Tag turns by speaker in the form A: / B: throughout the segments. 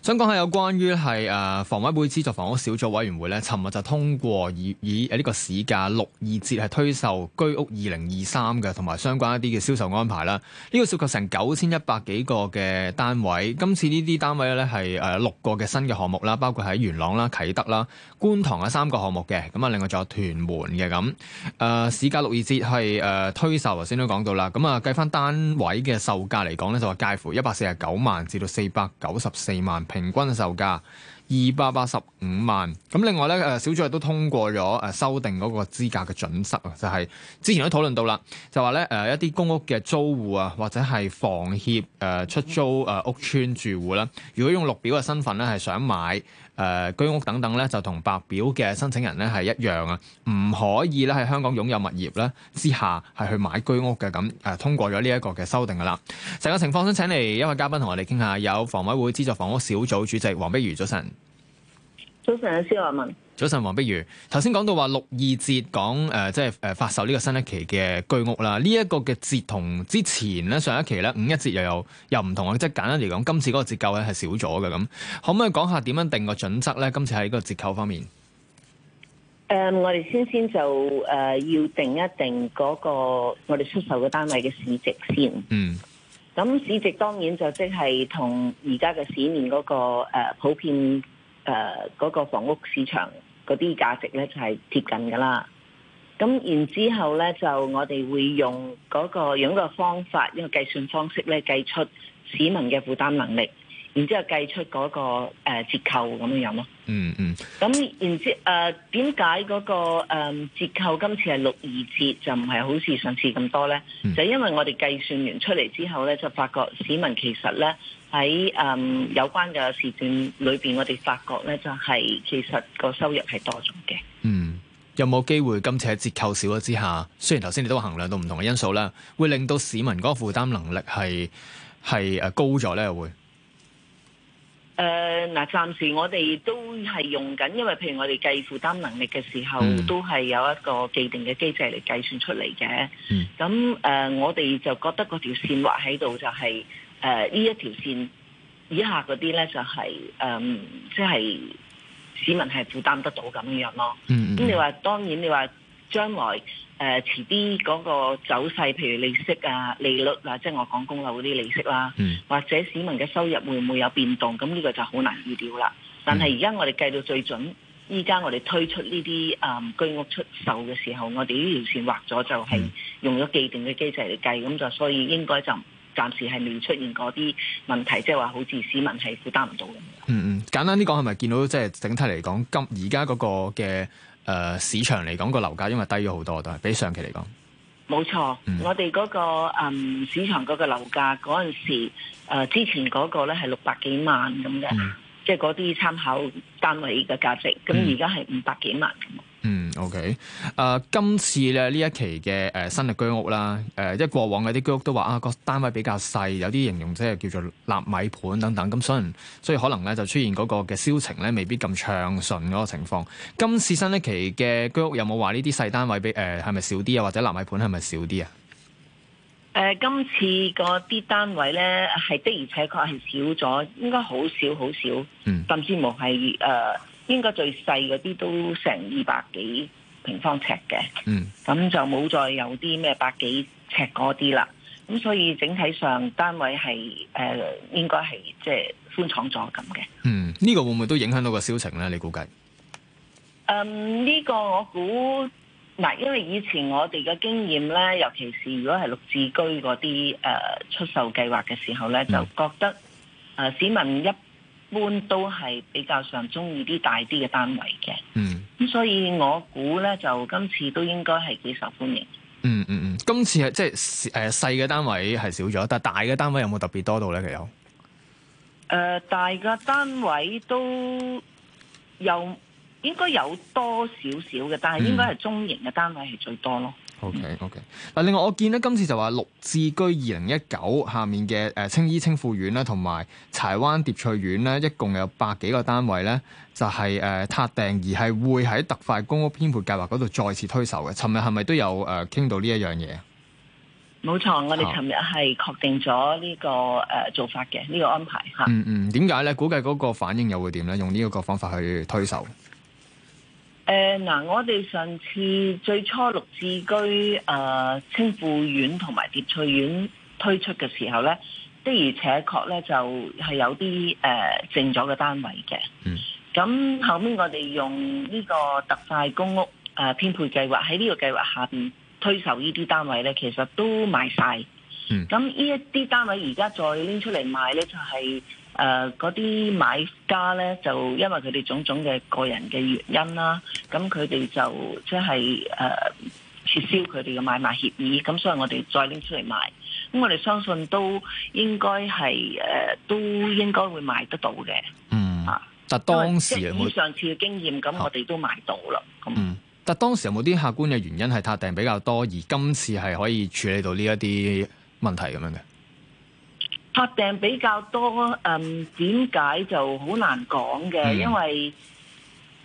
A: 想講下有關於係誒房委會資助房屋小組委員會咧，尋日就通過以以誒呢個市價六二折係推售居屋二零二三嘅，同埋相關一啲嘅銷售安排啦。呢、呢個涉及成九千一百幾個嘅單位。今次呢啲單位咧係誒六個嘅新嘅項目啦，包括喺元朗啦、啟德啦、觀塘啊三個項目嘅。咁啊，另外仲有屯門嘅咁誒市價六二折係誒推售。頭先都講到啦，咁啊計翻單位嘅售價嚟講咧，就話介乎一百四十九萬至到四百九十四萬。平均售價二百八十五萬。咁另外咧，誒小組亦都通過咗誒修訂嗰個資格嘅準則啊，就係之前都討論到啦，就話咧誒一啲公屋嘅租戶啊，或者係房協誒出租誒屋邨住戶咧，如果用綠表嘅身份咧，係想買誒居屋等等咧，就同白表嘅申請人咧係一樣啊，唔可以咧喺香港擁有物業咧之下係去買居屋嘅。咁誒通過咗呢一個嘅修訂噶啦，成個情況想請嚟一位嘉賓同我哋傾下，有房委會資助房屋小組主席黃碧如，早晨。
B: 早晨，蕭亞
A: 文。早晨，黃碧如。頭先講到話六二折講誒，即係誒發售呢個新一期嘅居屋啦。呢、這、一個嘅折同之前咧上一期咧五一折又有又唔同啊。即係簡單嚟講，今次嗰個折扣咧係少咗嘅。咁可唔可以講下點樣定個準則咧？今次喺個折扣方面？誒、
B: 嗯，我哋先先就誒、呃、要定一定嗰個我哋出售嘅單位嘅市值先。嗯。咁市值當然就即係同而家嘅市面嗰、那個誒、呃、普遍。誒嗰，呃，那個房屋市場嗰啲價值咧，就係，是，貼近噶啦，咁然之後咧就我哋會用嗰，那個用樣個方法，一個計算方式咧計出市民嘅負擔能力。然之後計出嗰個誒、呃、折扣咁樣樣咯、嗯。嗯嗯。咁然之誒點解嗰個誒、呃、折扣今次係六二折，就唔係好似上次咁多咧？嗯、就因為我哋計算完出嚟之後咧，就發覺市民其實咧喺誒有關嘅事件裏邊，我哋發覺咧就係、是、其實個收入係多咗嘅。嗯，
A: 有冇機會今次喺折扣少咗之下，雖然頭先你都衡量到唔同嘅因素啦，會令到市民嗰個負擔能力係係誒高咗咧？會？
B: 誒嗱，暫、呃、時我哋都係用緊，因為譬如我哋計負擔能力嘅時候，mm. 都係有一個既定嘅機制嚟計算出嚟嘅。咁誒、mm. 呃，我哋就覺得嗰條線畫喺度就係誒呢一條線以下嗰啲咧，就係誒即係市民係負擔得到咁樣咯。咁、mm. 你話當然你，你話。將來誒、呃、遲啲嗰個走勢，譬如利息啊、利率啊，即係我講供樓嗰啲利息啦、啊，嗯、或者市民嘅收入會唔會有變動？咁呢個就好難預料啦。但係而家我哋計到最準，依家、嗯、我哋推出呢啲誒居屋出售嘅時候，我哋呢條線劃咗就係用咗既定嘅機制嚟計，咁就、嗯、所以應該就暫時係未出現嗰啲問題，即係話好似市民係負擔唔到嘅。嗯嗯，
A: 簡單啲講，係咪見到即係整體嚟講，今而家嗰個嘅？誒、呃、市場嚟講個樓價因為低咗好多，都係比上期嚟講，
B: 冇錯。嗯、我哋嗰、嗰個、嗯、市場嗰個樓價嗰陣時、呃，之前嗰個咧係六百幾萬咁嘅，即係嗰啲參考單位嘅價值。咁而家係五百幾萬。
A: 嗯，OK，誒、呃，今次咧呢一期嘅誒、呃、新嘅居屋啦，誒、呃，即係過往嗰啲居屋都話啊，個單位比較細，有啲形容即係叫做納米盤等等，咁所以所以可能咧就出現嗰個嘅銷情咧未必咁暢順嗰個情況。今次新一期嘅居屋有冇話呢啲細單位俾誒係咪少啲啊？或者納米盤係咪少啲啊？誒、呃，今
B: 次嗰啲單位咧係的而且確係少咗，應該好少好少，少，甚至無係誒。呃應該最細嗰啲都成二百幾平方尺嘅，咁、嗯、就冇再有啲咩百幾尺嗰啲啦。咁所以整體上單位係誒、呃、應該係即係寬敞咗咁嘅。
A: 嗯，呢、呢個會唔會都影響到個銷情咧？你估計？
B: 嗯，呢、呢個我估嗱，因為以前我哋嘅經驗咧，尤其是如果係綠置居嗰啲誒出售計劃嘅時候咧，嗯、就覺得誒市民一般都係比較上中意啲大啲嘅單位嘅，咁、嗯、所以我估呢就今次都應該係幾受歡迎。嗯嗯
A: 嗯，今次係即係誒、呃、細嘅單位係少咗，但大嘅單位有冇特別多到呢？其實
B: 誒大嘅單位都有應該有多少少嘅，但係應該係中型嘅單位係最多咯。嗯
A: O K O K 嗱，okay, okay. 另外我見咧今次就話綠置居二零一九下面嘅誒青衣青富苑咧，同埋柴灣蝶翠苑咧，一共有百幾個單位咧，就係誒撻訂而係會喺特快公屋編配計劃嗰度再次推售嘅。尋日係咪都有誒傾、呃、到呢一樣嘢？冇錯，我
B: 哋尋日係確定咗呢、這個誒、呃、做法嘅
A: 呢、這個安排嚇、嗯。嗯嗯，點解咧？估計嗰個反應又會點咧？用呢個個方法去推售？
B: 誒嗱、呃，我哋上次最初綠置居誒青、呃、富苑同埋蝶翠苑推出嘅時候咧，的而且確咧就係、是、有啲誒、呃、剩咗嘅單位嘅。嗯。咁後面我哋用呢個特快公屋誒編配計劃喺呢個計劃下邊推售呢啲單位咧，其實都賣晒。嗯。咁呢一啲單位而家再拎出嚟賣咧，就係、是。誒嗰啲買家咧，就因為佢哋種種嘅個人嘅原因啦，咁佢哋就即係誒撤銷佢哋嘅買賣協議，咁所以我哋再拎出嚟賣，咁我哋相信都應該係誒、呃、都應該會賣得到嘅。嗯，
A: 但當時有冇上
B: 次嘅經驗？咁我哋都買到啦。
A: 咁，但當時有冇啲、嗯、客觀嘅原因係撻訂比較多，而今次係可以處理到呢一啲問題咁樣嘅？
B: 拍定比較多，嗯，點解就好難講嘅。Mm hmm. 因為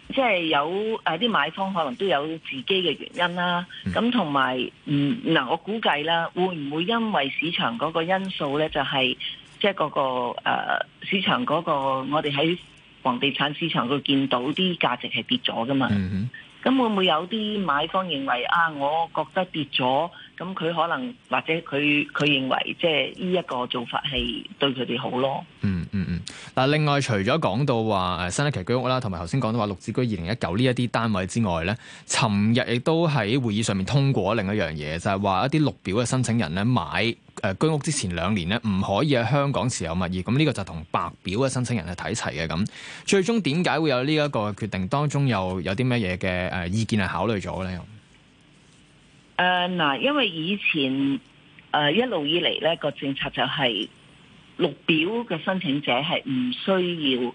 B: 即係、就是、有誒啲、啊、買方可能都有自己嘅原因啦。咁同埋，嗯，嗱，我估計啦，會唔會因為市場嗰個因素咧，就係即係嗰個誒、呃、市場嗰、嗰個我哋喺房地產市場，度見到啲價值係跌咗噶嘛？Mm hmm. 咁會唔會有啲買方認為啊？我覺得跌咗，咁佢可能或者佢佢認為即係呢一個做法係對佢哋好咯。嗯嗯嗯。
A: 嗱、嗯，但另外除咗講到話誒新一期居屋啦，同埋頭先講到話綠置居二零一九呢一啲單位之外咧，尋日亦都喺會議上面通過另一樣嘢，就係、是、話一啲綠表嘅申請人咧買。誒居屋之前兩年咧，唔可以喺香港持有物業，咁呢個就同白表嘅申請人係睇齊嘅。咁最終點解會有呢一個決定？當中又有啲咩嘢嘅誒意見係考慮咗咧？
B: 誒嗱、呃，因為以前誒、呃、一路以嚟咧，個政策就係、是、綠表嘅申請者係唔需要誒、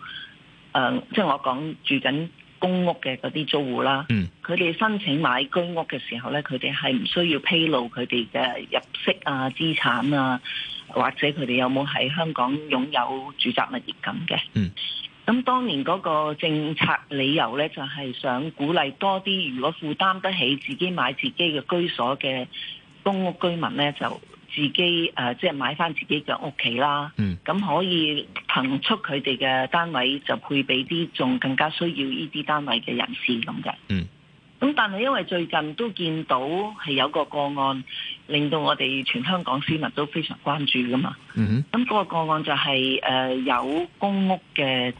B: 呃，即係我講住緊。公屋嘅嗰啲租戶啦，佢哋申請買居屋嘅時候咧，佢哋係唔需要披露佢哋嘅入息啊、資產啊，或者佢哋有冇喺香港擁有住宅物業咁嘅。嗯，咁當年嗰個政策理由咧，就係想鼓勵多啲，如果負擔得起自己買自己嘅居所嘅公屋居民咧，就。自己誒、呃，即係買翻自己嘅屋企啦。嗯，咁可以騰出佢哋嘅單位，就配俾啲仲更加需要呢啲單位嘅人士咁嘅。嗯，咁但係因為最近都見到係有個個案，令到我哋全香港市民都非常關注㗎嘛。嗯哼，咁嗰個個案就係、是、誒、呃、有公屋嘅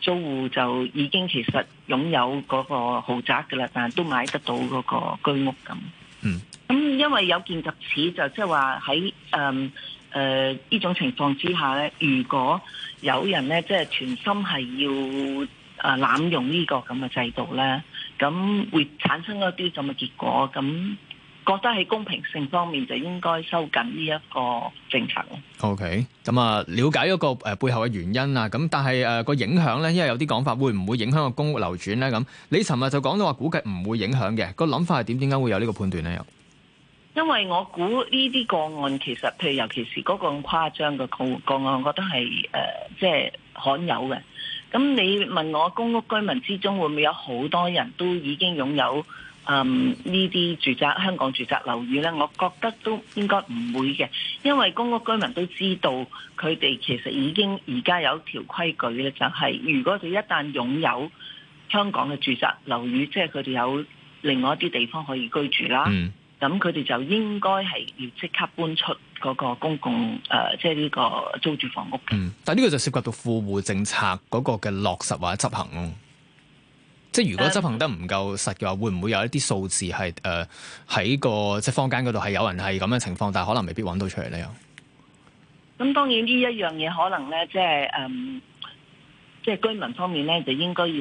B: 租戶就已經其實擁有嗰個豪宅㗎啦，但係都買得到嗰個居屋咁。嗯，咁。因為有見及此，就即係話喺誒誒呢種情況之下咧，如果有人咧即係全心係要誒濫用呢個咁嘅制度咧，咁會產生一啲咁嘅結果。咁覺得喺公平性方面就應該收緊呢一個政策咯。
A: OK，咁啊，瞭解一個誒背後嘅原因啊。咁但係誒個影響咧，因為有啲講法，會唔會影響個公屋流轉咧？咁你尋日就講到話，估計唔會影響嘅個諗法係點？點解會有呢個判斷咧？又？
B: 因為我估呢啲個案其實，譬如尤其是嗰個咁誇張嘅個案，我覺得係誒即係罕有嘅。咁你問我公屋居民之中會唔會有好多人都已經擁有嗯呢啲住宅香港住宅樓宇呢，我覺得都應該唔會嘅，因為公屋居民都知道佢哋其實已經而家有條規矩咧，就係如果佢一旦擁有香港嘅住宅樓宇，即係佢哋有另外一啲地方可以居住啦。嗯咁佢哋就應該係要即刻搬出嗰個公共誒，即係呢個租住房屋嘅、嗯。
A: 但係呢個就涉及到富戶政策嗰個嘅落實或者執行，即係、就是、如果執行得唔夠實嘅話，嗯、會唔會有一啲數字係誒喺個即係、就是、坊間嗰度係有人係咁嘅情況，但係可能未必揾到出
B: 嚟。呢樣又咁，當然呢一樣嘢，可能咧即係誒、即、就、係、是嗯就是、居民方面咧就應該要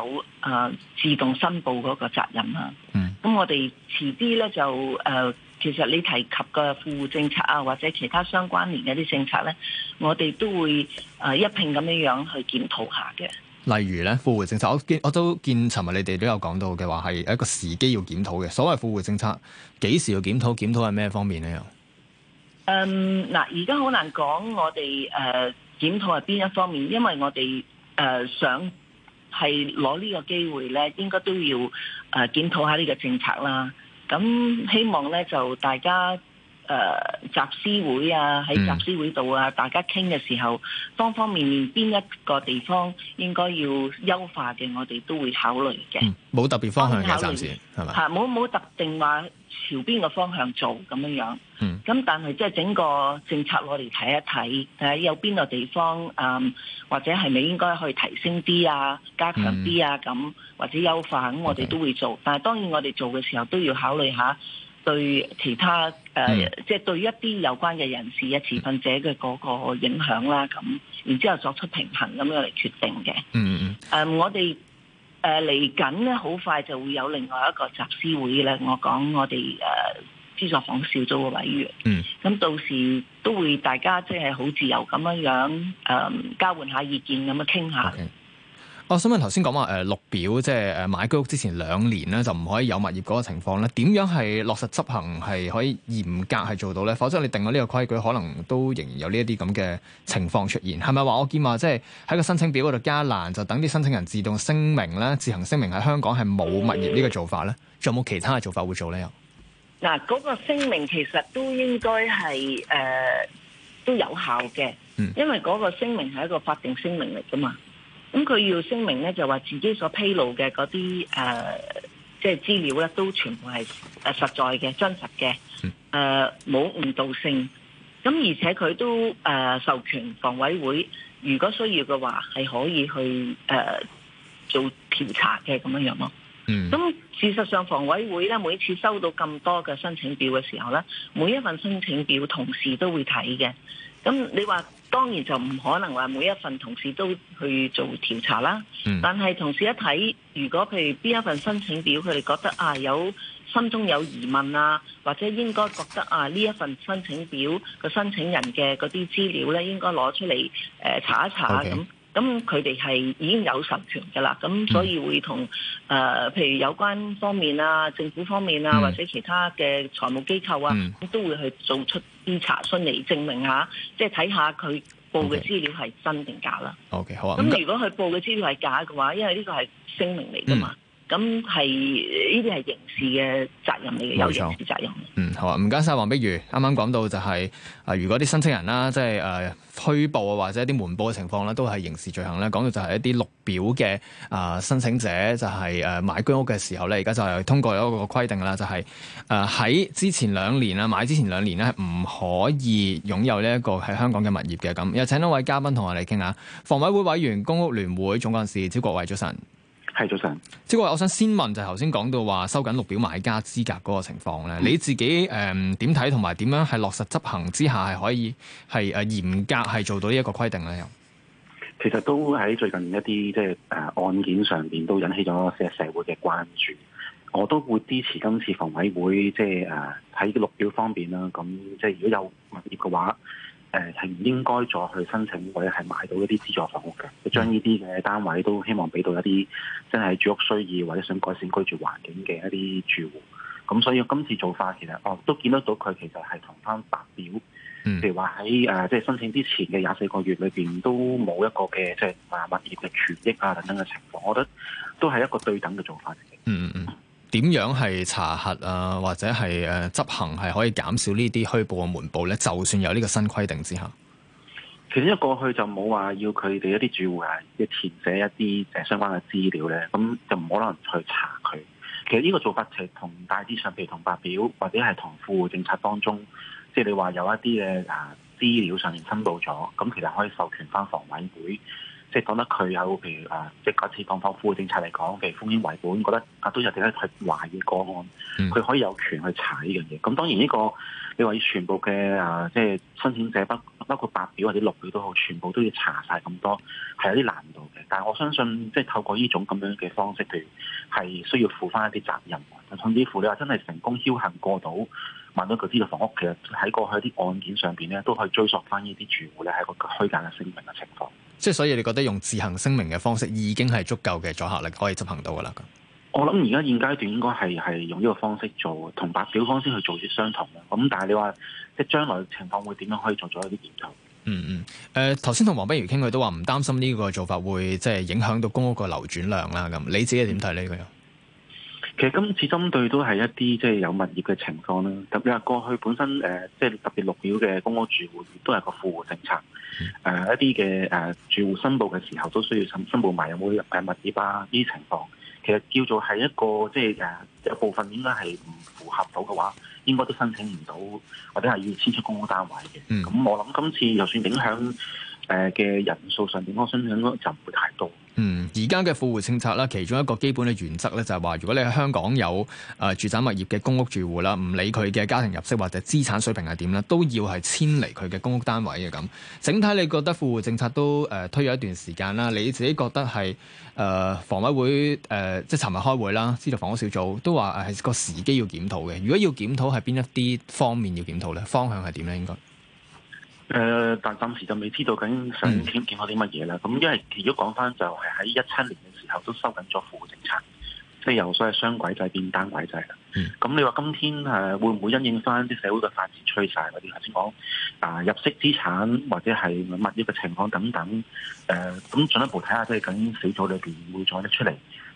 B: 有誒、呃、自動申報嗰個責任啦、啊。嗯咁、嗯、我哋遲啲咧就誒、呃，其實你提及嘅富戶政策啊，或者其他相關聯嘅啲政策咧，我哋都會誒、呃、一併咁樣樣去檢討下嘅。
A: 例如咧，富戶政策，我見我都見，尋日你哋都有講到嘅話係一個時機要檢討嘅。所謂富戶政策，幾時要檢討？檢討係咩方面呢？又嗯，
B: 嗱，而家好難講，我哋誒檢討係邊一方面，因為我哋誒、呃、想。係攞呢個機會呢，應該都要誒、呃、檢討下呢個政策啦。咁希望呢，就大家誒、呃、集思會啊，喺集思會度啊，大家傾嘅時候，方、嗯、方面面邊一個地方應該要優化嘅，我哋都會考慮嘅。
A: 冇、嗯、特別方向嘅，暫時
B: 係咪？冇冇吧特定話。朝邊個方向做咁樣樣，咁但係即係整個政策我哋睇一睇，睇下有邊個地方啊、嗯，或者係咪應該去提升啲啊、加強啲啊咁，嗯、或者優化咁，嗯、我哋都會做。但係當然我哋做嘅時候都要考慮下對其他誒，即、呃、係、嗯、對一啲有關嘅人士啊、持份者嘅嗰個影響啦，咁然之後作出平衡咁樣嚟決定嘅。誒、嗯，um, 我哋。誒，嚟緊咧，好快就會有另外一個集思會咧。我講我哋誒資助房小組嘅委員，嗯，咁到時都會大家即係好自由咁樣樣誒、嗯，交換下意見咁樣傾下。Okay.
A: 我想問，頭先講話，誒，綠表即係誒，買居屋之前兩年咧，就唔可以有物業嗰個情況咧。點樣係落實執行，係可以嚴格係做到咧？否則你定咗呢個規矩，可能都仍然有呢一啲咁嘅情況出現。係咪話我見話，即係喺個申請表嗰度加一欄，就等啲申請人自動聲明啦，自行聲明喺香港係冇物業呢個做法咧？仲、嗯、有冇其他嘅做法會做呢？又嗱，嗰
B: 個聲明其實都應該係誒，都有效嘅，因為嗰個聲明係一個法定聲明嚟噶嘛。咁佢要聲明咧，就話自己所披露嘅嗰啲誒即係資料咧，都全部係誒實在嘅、真實嘅，誒冇誤導性。咁而且佢都誒、呃、授權房委會，如果需要嘅話，係可以去誒、呃、做調查嘅咁樣樣咯。咁、嗯、事實上，房委會咧，每一次收到咁多嘅申請表嘅時候咧，每一份申請表同時都會睇嘅。咁你話。當然就唔可能話每一份同事都去做調查啦。嗯、但係同事一睇，如果譬如邊一份申請表，佢哋覺得啊有心中有疑問啊，或者應該覺得啊呢一份申請表個申請人嘅嗰啲資料呢，應該攞出嚟、呃、查一查咁。Okay. 咁佢哋係已經有授權㗎喇，咁所以會同誒、呃，譬如有關方面啊、政府方面啊，嗯、或者其他嘅財務機構啊，嗯、都會去做出啲查詢嚟證明下，即係睇下佢報嘅資料係真定假啦。
A: OK，okay, okay, 好。咁如
B: 果佢報嘅資料係假嘅話，因為呢個係聲明嚟㗎嘛。嗯咁係呢啲係刑事嘅責任嚟嘅，錯有，有刑事責
A: 任。嗯，好啊，唔該晒。黃碧如，啱啱講到就係、是、啊、呃，如果啲申請人啦，即係誒虛報啊，呃、或者一啲瞞報嘅情況啦，都係刑事罪行咧。講到就係一啲綠表嘅啊、呃、申請者，就係誒買居屋嘅時候咧，而家就係通過咗一個規定啦，就係誒喺之前兩年啦，買之前兩年咧唔可以擁有呢一個喺香港嘅物業嘅。咁又請一位嘉賓同我哋傾下，房委會委員、公屋聯會總幹事招國偉，早晨。係，早晨。即係我想先問，就頭先講到話收緊綠表買家資格嗰個情況咧，嗯、你自己誒點睇，同埋點樣係落實執行之下係可以係誒、呃、嚴格係做到呢一個規定咧？又
C: 其實都喺最近一啲即係誒案件上邊都引起咗社社會嘅關注，我都會支持今次房委會即係誒喺綠表方面啦。咁即係如果有物業嘅話。誒係唔應該再去申請，或者係買到一啲資助房屋嘅，將呢啲嘅單位都希望俾到一啲真係住屋需要，或者想改善居住環境嘅一啲住戶。咁所以今次做法其實，哦都見得到佢其實係同翻白表，譬如話喺誒即係申請之前嘅廿四個月裏邊都冇一個嘅即係物業嘅權益啊等等嘅情況，我覺得都係一個對等嘅做法嚟嘅。嗯
A: 嗯嗯。點樣係查核啊，或者係誒、呃、執行係可以減少呢啲虛報嘅門報咧？就算有呢個新規定之下，
C: 其實一過去就冇話要佢哋一啲住戶啊，要填寫一啲誒相關嘅資料咧，咁就唔可能去查佢。其實呢個做法係同大致上，譬如同白表，或者係同富戶政策當中，即係你話有一啲嘅誒資料上面申報咗，咁其實可以授權翻房委會。即係講得佢有，譬如啊，即係個次放放負政策嚟講，譬如風險為本，覺得啊都有啲咧係懷疑個案，佢可以有權去查呢樣嘢。咁當然呢個你話要全部嘅啊，即係申請者包包括白表或者綠表都好，全部都要查晒咁多，係有啲難度嘅。但係我相信，即係透過呢種咁樣嘅方式，譬如係需要負翻一啲責任，甚至乎你話真係成功僥倖過到，問到佢知道房屋其實喺過去啲案件上邊咧，都可以追索翻呢啲住戶咧係個虛假嘅聲明嘅情況。
A: 即係所以你覺得用自行聲明嘅方式已經係足夠嘅阻嚇力，可以執行到噶啦？
C: 我諗而家現階段應該係係用呢個方式做，同白表方式去做啲相同嘅。咁但係你話即係將來嘅情況會點樣，可以做咗一啲研究？嗯
A: 嗯。誒、呃，頭先同黃碧如不如傾，佢都話唔擔心呢個做法會即係、就是、影響到公屋嘅流轉量啦。咁你自己點睇呢個？嗯其實今次針
C: 對都係一啲即係有物業嘅情況啦，特別係過去本身誒，即、呃、係特別綠表嘅公屋住戶都係個富戶政策，誒、呃、一啲嘅誒住戶申報嘅時候都需要申申報埋有冇誒物業啊呢啲情況，其實叫做係一個即係誒有部分應該係唔符合到嘅話，應該都申請唔到，或者係要遷出公屋單位嘅。咁、嗯、我諗今次就算影響誒嘅人數上邊，我相信就唔會太多。
A: 嗯，而家嘅富戶政策啦，其中一個基本嘅原則咧，就係、是、話，如果你喺香港有誒、呃、住宅物業嘅公屋住戶啦，唔理佢嘅家庭入息或者資產水平係點啦，都要係遷離佢嘅公屋單位嘅咁。整體你覺得富戶政策都誒、呃、推咗一段時間啦，你自己覺得係誒、呃、房委會誒、呃、即係尋日開會啦，知道房屋小組都話係個時機要檢討嘅。如果要檢討係邊一啲方面要檢討咧？方向係點咧？應該？
C: 誒、呃，但暫時就未知道究竟想傾傾開啲乜嘢啦。咁、嗯、因為如果講翻就係喺一七年嘅時候都收緊咗富戶政策，即係由所謂雙軌制變單軌制啦。咁、嗯、你話今天誒、呃、會唔會因應翻啲社會嘅發展趨勢嗰啲，頭先講啊，入息資產或者係物業嘅情況等等。誒、呃，咁進一步睇下即係緊小組裏邊會再得出嚟，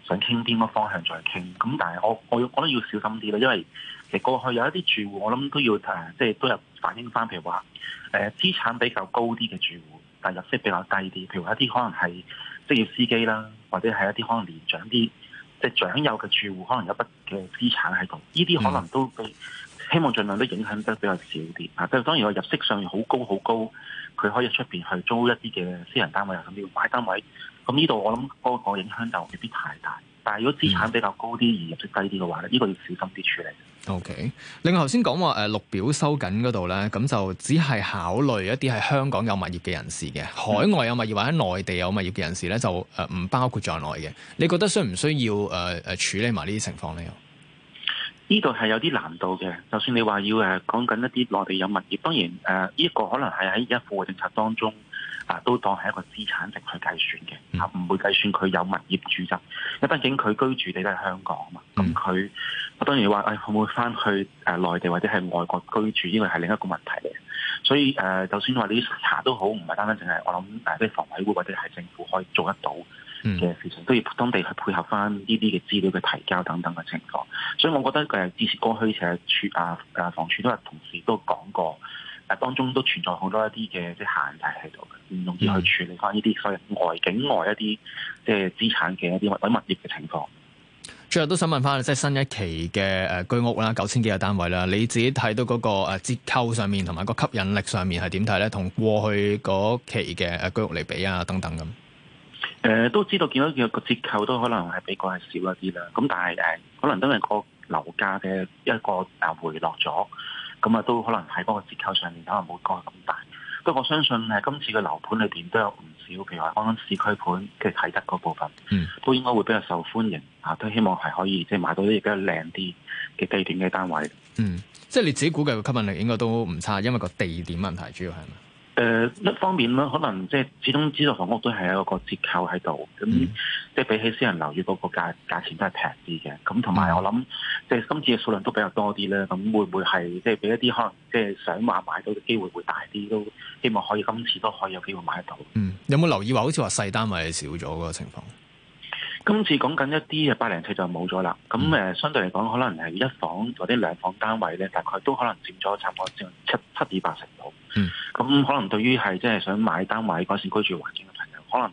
C: 想傾邊個方向再傾。咁但係我我我都要，要小心啲啦，因為。其實過去有一啲住戶，我諗都要誒、呃，即係都有反映翻。譬如話誒、呃，資產比較高啲嘅住戶，但入息比較低啲。譬如一啲可能係職業司機啦，或者係一啲可能年長啲即係長幼嘅住戶，可能有筆嘅資產喺度。呢啲可能都希望儘量都影響得比較少啲啊。咁當然我入息上好高好高，佢可以出邊去租一啲嘅私人單位，甚至要買單位。咁呢度我諗嗰個影響就未必太大。但係如果資產比較高啲而入息低啲嘅話咧，呢、呢個要小心啲處理。
A: O、okay. K. 另外頭先講話誒綠表收緊嗰度咧，咁就只係考慮一啲係香港有物業嘅人士嘅，海外有物業或者內地有物業嘅人士咧就誒唔包括在內嘅。你覺得需唔需要誒誒、呃、處理埋呢啲情況咧？
C: 呢度係有啲難度嘅。就算你話要誒講緊一啲內地有物業，當然誒呢、呃這個可能係喺一戶嘅政策當中。都當係一個資產值去計算嘅，嚇唔、嗯啊、會計算佢有物業住宅。因為畢竟佢居住地都係香港啊嘛。咁佢、嗯，我當然話誒、哎，會唔會翻去誒內地或者係外國居住，呢個係另一個問題嚟嘅。所以誒、呃，就算話你查都好，唔係單單淨係我諗誒啲房委會或者係政府可以做得到嘅事情，都、嗯、要當地去配合翻呢啲嘅資料嘅提交等等嘅情況。所以我覺得誒，之前其實處啊啊房署都係同事都講過。誒當中都存在好多一啲嘅即係限制喺度嘅，唔容易去處理翻呢啲所謂外境外一啲即係資產嘅一啲或者物業嘅情況，嗯。
A: 最後都想問翻，即係新一期嘅誒居屋啦，九千幾個單位啦，你自己睇到嗰個折扣上面同埋個吸引力上面係點睇咧？同過去嗰期嘅誒居屋嚟比啊，等等咁。誒、
C: 呃、都知道見到嘅個折扣都可能係比較係少一啲啦。咁但係誒、呃，可能都係個樓價嘅一個回落咗。咁啊，都可能喺嗰個折扣上面可能冇個咁大，不過我相信誒今次嘅樓盤裏邊都有唔少，譬如話安緊市區盤嘅睇得嗰部分，嗯，都應該會比較受歡迎啊，都希望係可以即係買到啲比較靚啲嘅地點嘅單位。嗯，
A: 即係你自己估計個吸引力應該都唔差，因為個地點問
C: 題主要係嘛？誒、uh, 一方面啦，可能即係始終資助房屋都係有一個折扣喺度，咁即係比起私人樓宇嗰個價價錢都係平啲嘅。咁同埋我諗，即係、嗯、今次嘅數量都比較多啲咧，咁會唔會係即係俾一啲可能即係想買買到嘅機會會大啲？都希望可以今次都可以有機會買得到。嗯，有冇留意話好似話細單位少咗嗰個情況？今次講緊一啲嘅八零七就冇咗啦，咁誒相對嚟講，可能係一房或者兩房單位咧，大概都可能佔咗差唔多佔七七至八成度。嗯，咁 可能對於係即係想買單位改善居住環境嘅朋友，可能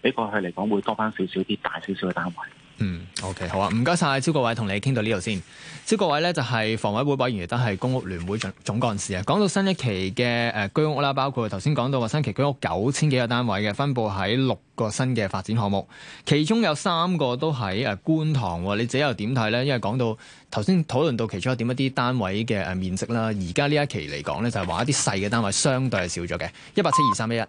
C: 比過去嚟講會多翻少少啲大少少嘅單位。嗯，OK，好啊，唔該晒，招國偉同你傾到呢度先。
A: 招國偉咧就係、是、房委會委員，亦都係公屋聯會總幹事啊。講到新一期嘅誒、呃、居屋啦，包括頭先講到話新期居屋九千幾個單位嘅，分佈喺六個新嘅發展項目，其中有三個都喺誒、呃、觀塘、喔。你自己又點睇咧？因為講到頭先討論到其中一點，一啲單位嘅誒、呃、面積啦，而家呢一期嚟講咧，就係、是、話一啲細嘅單位相對係少咗嘅，一八七二三一一。